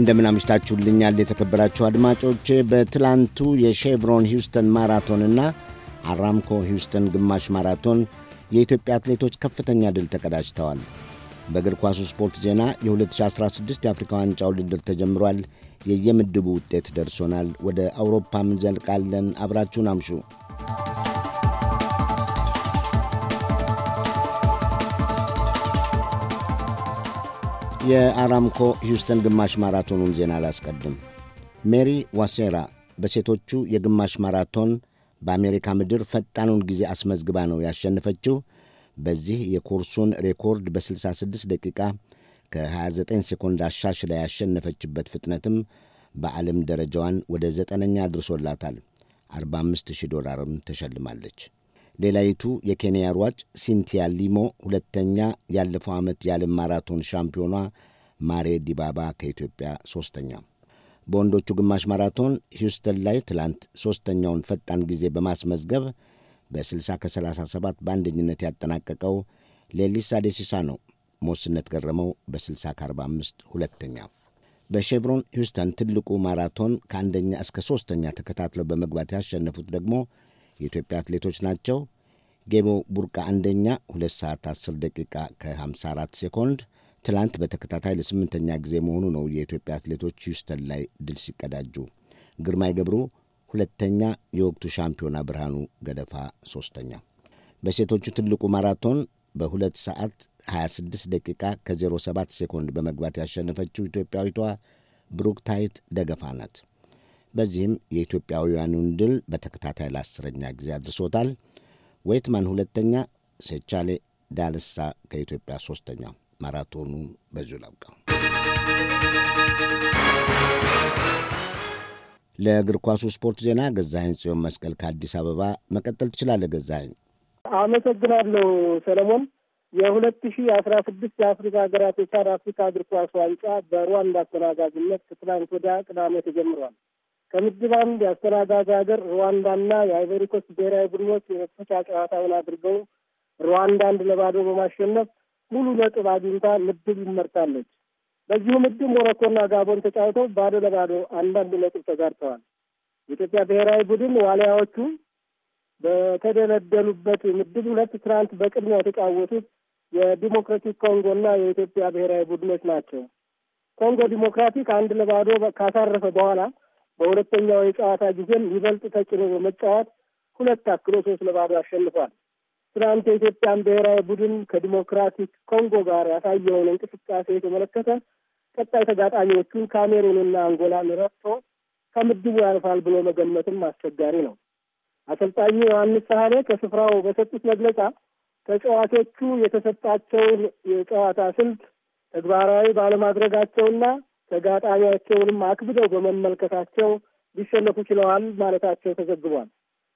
እንደምን አምሽታችሁልኛል የተከበራችሁ አድማጮች በትላንቱ የሼቭሮን ሂውስተን ማራቶንና አራምኮ ሂውስተን ግማሽ ማራቶን የኢትዮጵያ አትሌቶች ከፍተኛ ድል ተቀዳጅተዋል። በእግር ኳሱ ስፖርት ዜና የ2016 የአፍሪካ ዋንጫ ውድድር ተጀምሯል። የየምድቡ ውጤት ደርሶናል። ወደ አውሮፓም እንዘልቃለን። አብራችሁን አምሹ። የአራምኮ ሂውስተን ግማሽ ማራቶኑን ዜና አላስቀድም። ሜሪ ዋሴራ በሴቶቹ የግማሽ ማራቶን በአሜሪካ ምድር ፈጣኑን ጊዜ አስመዝግባ ነው ያሸነፈችው። በዚህ የኮርሱን ሬኮርድ በ66 ደቂቃ ከ29 ሴኮንድ አሻሽላ ያሸነፈችበት ፍጥነትም በዓለም ደረጃዋን ወደ ዘጠነኛ አድርሶላታል። 45 ሺህ ዶላርም ተሸልማለች። ሌላይቱ የኬንያ ሯጭ ሲንቲያ ሊሞ፣ ሁለተኛ ያለፈው ዓመት የዓለም ማራቶን ሻምፒዮኗ ማሬ ዲባባ ከኢትዮጵያ ሦስተኛ። በወንዶቹ ግማሽ ማራቶን ሂውስተን ላይ ትላንት ሦስተኛውን ፈጣን ጊዜ በማስመዝገብ በ60 ከ37 በአንደኝነት ያጠናቀቀው ሌሊሳ ዴሲሳ ነው። ሞስነት ገረመው በ60 ከ45 ሁለተኛ። በሼቭሮን ሂውስተን ትልቁ ማራቶን ከአንደኛ እስከ ሦስተኛ ተከታትለው በመግባት ያሸነፉት ደግሞ የኢትዮጵያ አትሌቶች ናቸው። ጌሞ ቡርቃ አንደኛ 2 ሰዓት 10 ደቂቃ ከ54 ሴኮንድ። ትላንት በተከታታይ ለስምንተኛ ጊዜ መሆኑ ነው የኢትዮጵያ አትሌቶች ሂውስተን ላይ ድል ሲቀዳጁ። ግርማይ ገብሩ ሁለተኛ፣ የወቅቱ ሻምፒዮና ብርሃኑ ገደፋ ሶስተኛ። በሴቶቹ ትልቁ ማራቶን በ2 ሰዓት 26 ደቂቃ ከ07 ሴኮንድ በመግባት ያሸነፈችው ኢትዮጵያዊቷ ብሩክታይት ደገፋ ናት። በዚህም የኢትዮጵያውያኑን ድል በተከታታይ ለአስረኛ ጊዜ አድርሶታል። ዌትማን ሁለተኛ፣ ሴቻሌ ዳልሳ ከኢትዮጵያ ሶስተኛው። ማራቶኑ በዚሁ ላብቃ። ለእግር ኳሱ ስፖርት ዜና ገዛኸኝ ጽዮን መስቀል ከአዲስ አበባ። መቀጠል ትችላለህ ገዛኸኝ። አመሰግናለሁ ሰለሞን። የሁለት ሺ አስራ ስድስት የአፍሪካ ሀገራት የቻን አፍሪካ እግር ኳስ ዋንጫ በሩዋንዳ አስተናጋጅነት ከትላንት ወዲያ ቅዳሜ ተጀምሯል። ከምድብ አንድ ያስተናጋጅ ሀገር ሩዋንዳና የአይቨሪኮስት ብሔራዊ ቡድኖች የመክፈቻ ጨዋታውን አድርገው ሩዋንዳ አንድ ለባዶ በማሸነፍ ሙሉ ነጥብ አግኝታ ምድብ ይመርታለች። በዚሁ ምድብ ሞሮኮና ጋቦን ተጫውተው ባዶ ለባዶ አንዳንድ ነጥብ ተጋርተዋል። የኢትዮጵያ ብሔራዊ ቡድን ዋሊያዎቹ በተደለደሉበት ምድብ ሁለት ትናንት በቅድሚያ የተጫወቱት የዲሞክራቲክ ኮንጎና የኢትዮጵያ ብሔራዊ ቡድኖች ናቸው። ኮንጎ ዲሞክራቲክ አንድ ለባዶ ካሳረፈ በኋላ በሁለተኛው የጨዋታ ጊዜም ይበልጥ ተጭኖ በመጫወት ሁለት አክሎ ሶስት ለባዶ አሸንፏል። ትናንት የኢትዮጵያን ብሔራዊ ቡድን ከዲሞክራቲክ ኮንጎ ጋር ያሳየውን እንቅስቃሴ የተመለከተ ቀጣይ ተጋጣሚዎቹን ካሜሩንና አንጎላን ረትቶ ከምድቡ ያልፋል ብሎ መገመትም አስቸጋሪ ነው። አሰልጣኙ ዮሐንስ ሳህሌ ከስፍራው በሰጡት መግለጫ ተጫዋቾቹ የተሰጣቸውን የጨዋታ ስልት ተግባራዊ ባለማድረጋቸውና ተጋጣሚያቸውንም አክብደው በመመልከታቸው ሊሸነፉ ችለዋል ማለታቸው ተዘግቧል።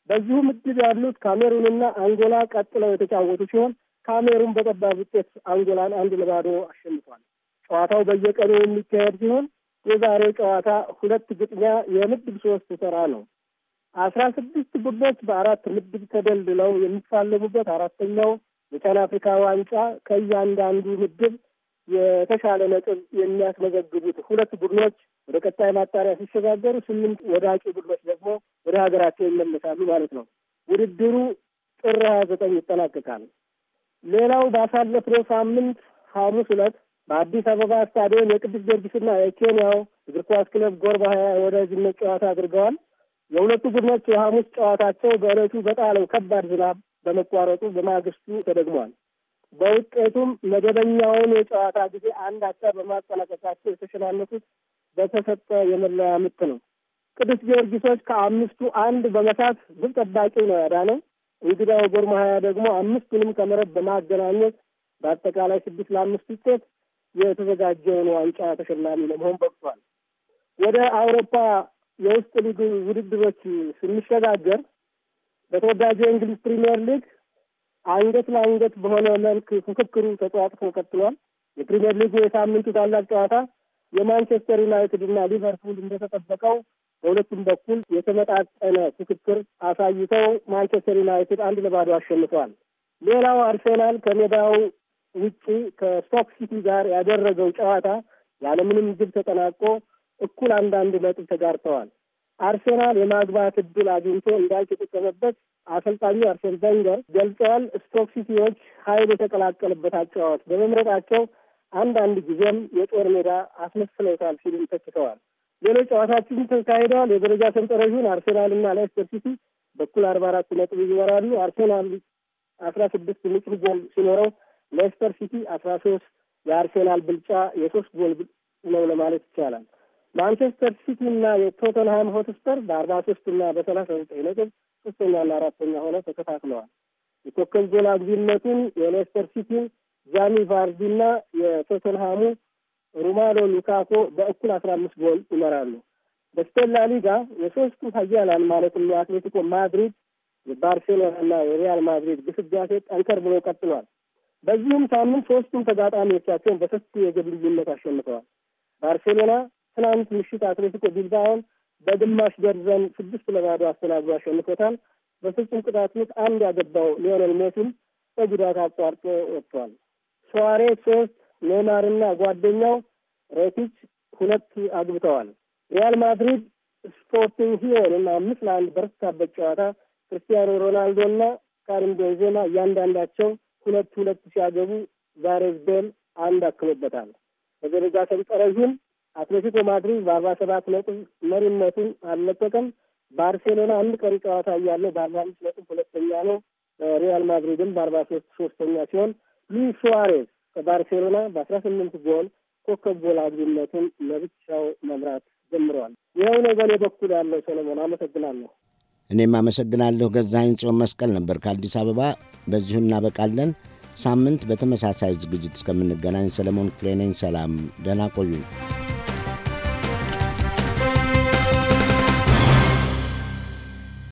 በዚሁ ምድብ ያሉት ካሜሩንና አንጎላ ቀጥለው የተጫወቱ ሲሆን ካሜሩን በጠባብ ውጤት አንጎላን አንድ ለባዶ አሸንፏል። ጨዋታው በየቀኑ የሚካሄድ ሲሆን የዛሬው ጨዋታ ሁለት ግጥሚያ የምድብ ሶስት ተራ ነው። አስራ ስድስት ቡድኖች በአራት ምድብ ተደልድለው የሚፋለሙበት አራተኛው የቻን አፍሪካ ዋንጫ ከእያንዳንዱ ምድብ የተሻለ ነጥብ የሚያስመዘግቡት ሁለት ቡድኖች ወደ ቀጣይ ማጣሪያ ሲሸጋገሩ፣ ስምንት ወዳቂ ቡድኖች ደግሞ ወደ ሀገራቸው ይመለሳሉ ማለት ነው። ውድድሩ ጥር ሀያ ዘጠኝ ይጠናቀቃል። ሌላው ባሳለፍነው ሳምንት ሐሙስ ዕለት በአዲስ አበባ ስታዲየም የቅዱስ ጊዮርጊስና የኬንያው እግር ኳስ ክለብ ጎር ማያ የወዳጅነት ጨዋታ አድርገዋል። የሁለቱ ቡድኖች የሐሙስ ጨዋታቸው በዕለቱ በጣለው ከባድ ዝናብ በመቋረጡ በማግስቱ ተደግሟል። በውጤቱም መደበኛውን የጨዋታ ጊዜ አንድ አቻ በማጠናቀቃቸው የተሸናነፉት በተሰጠ የመለያ ምት ነው። ቅዱስ ጊዮርጊሶች ከአምስቱ አንድ በመሳት ግብ ጠባቂ ነው ያዳነው። እንግዳው ጎርማያ ደግሞ አምስቱንም ከመረብ በማገናኘት በአጠቃላይ ስድስት ለአምስት ውጤት የተዘጋጀውን ዋንጫ ተሸላሚ ለመሆን በቅቷል። ወደ አውሮፓ የውስጥ ሊግ ውድድሮች ስንሸጋገር በተወዳጁ የእንግሊዝ ፕሪሚየር ሊግ አንገት ለአንገት በሆነ መልክ ፉክክሩ ተጠዋጥፎ ቀጥሏል። የፕሪምየር ሊጉ የሳምንቱ ታላቅ ጨዋታ የማንቸስተር ዩናይትድ እና ሊቨርፑል እንደተጠበቀው በሁለቱም በኩል የተመጣጠነ ፉክክር አሳይተው ማንቸስተር ዩናይትድ አንድ ለባዶ አሸንፈዋል። ሌላው አርሴናል ከሜዳው ውጪ ከስቶክ ሲቲ ጋር ያደረገው ጨዋታ ያለምንም ግብ ተጠናቆ እኩል አንዳንድ ነጥብ ተጋርተዋል። አርሴናል የማግባት እድል አግኝቶ እንዳልተጠቀመበት አሰልጣኙ አርሴን ቬንገር ገልጸዋል። ስቶክ ሲቲዎች ኃይል የተቀላቀለበት አጫዋት በመምረጣቸው አንዳንድ ጊዜም የጦር ሜዳ አስመስለውታል ሲሉ ተችተዋል። ሌሎች ጨዋታችን ተካሂደዋል። የደረጃ ሰንጠረዡን አርሴናልና ሌስተር ሲቲ በኩል አርባ አራት ነጥብ ይመራሉ። አርሴናል አስራ ስድስት ንጹህ ጎል ሲኖረው ሌስተር ሲቲ አስራ ሶስት የአርሴናል ብልጫ የሶስት ጎል ነው ለማለት ይቻላል። ማንቸስተር ሲቲ እና የቶተንሃም ሆትስፐር በአርባ ሶስት እና በሰላሳ ዘጠኝ ነጥብ ሶስተኛና አራተኛ ሆነው ተከታትለዋል። የኮከብ ጎል አግቢነቱን የሌስተር ሲቲ ጃሚ ቫርዲ እና የቶተንሃሙ ሩማሎ ሉካኮ በእኩል አስራ አምስት ጎል ይመራሉ። በስፔላ ሊጋ የሶስቱ ሀያላን ማለትም የአትሌቲኮ ማድሪድ የባርሴሎና እና የሪያል ማድሪድ ግስጋሴ ጠንከር ብሎ ቀጥሏል። በዚሁም ሳምንት ሶስቱም ተጋጣሚዎቻቸውን በሰፊ የግብ ልዩነት አሸንፈዋል። ባርሴሎና ትናንት ምሽት አትሌቲኮ ቢልባኦን በግማሽ ደርዘን ስድስት ለባዶ አስተናግዶ አሸንፎታል። በፍጹም ቅጣት ምት አንድ ያገባው ሊዮነል ሜሲም በጉዳት አቋርጦ ወጥቷል። ሶዋሬ ሶስት፣ ኔይማርና ጓደኛው ሬቲች ሁለት አግብተዋል። ሪያል ማድሪድ ስፖርቲንግ ሂዮንን አምስት ለአንድ በረታበት ጨዋታ ክርስቲያኖ ሮናልዶና ካሪም ቤንዜማ እያንዳንዳቸው ሁለት ሁለት ሲያገቡ ጋሬዝ ቤል አንድ አክሎበታል። በደረጃ ሰንጠረዡን አትሌቲኮ ማድሪድ በአርባ ሰባት ነጥብ መሪነቱን አልለቀቀም። ባርሴሎና አንድ ቀሪ ጨዋታ እያለው በአርባ አምስት ነጥብ ሁለተኛ ነው። ሪያል ማድሪድም በአርባ ሶስት ሶስተኛ ሲሆን ሉዊስ ሱዋሬዝ ከባርሴሎና በአስራ ስምንት ጎል ኮከብ ጎል አግቢነቱን ለብቻው መምራት ጀምረዋል። ይኸው ነው በእኔ በኩል ያለው። ሰለሞን አመሰግናለሁ። እኔም አመሰግናለሁ። ገዛኸኝ ጽዮን መስቀል ነበር ከአዲስ አበባ። በዚሁ እናበቃለን። ሳምንት በተመሳሳይ ዝግጅት እስከምንገናኝ ሰለሞን ክፍሌ ነኝ። ሰላም፣ ደህና ቆዩኝ።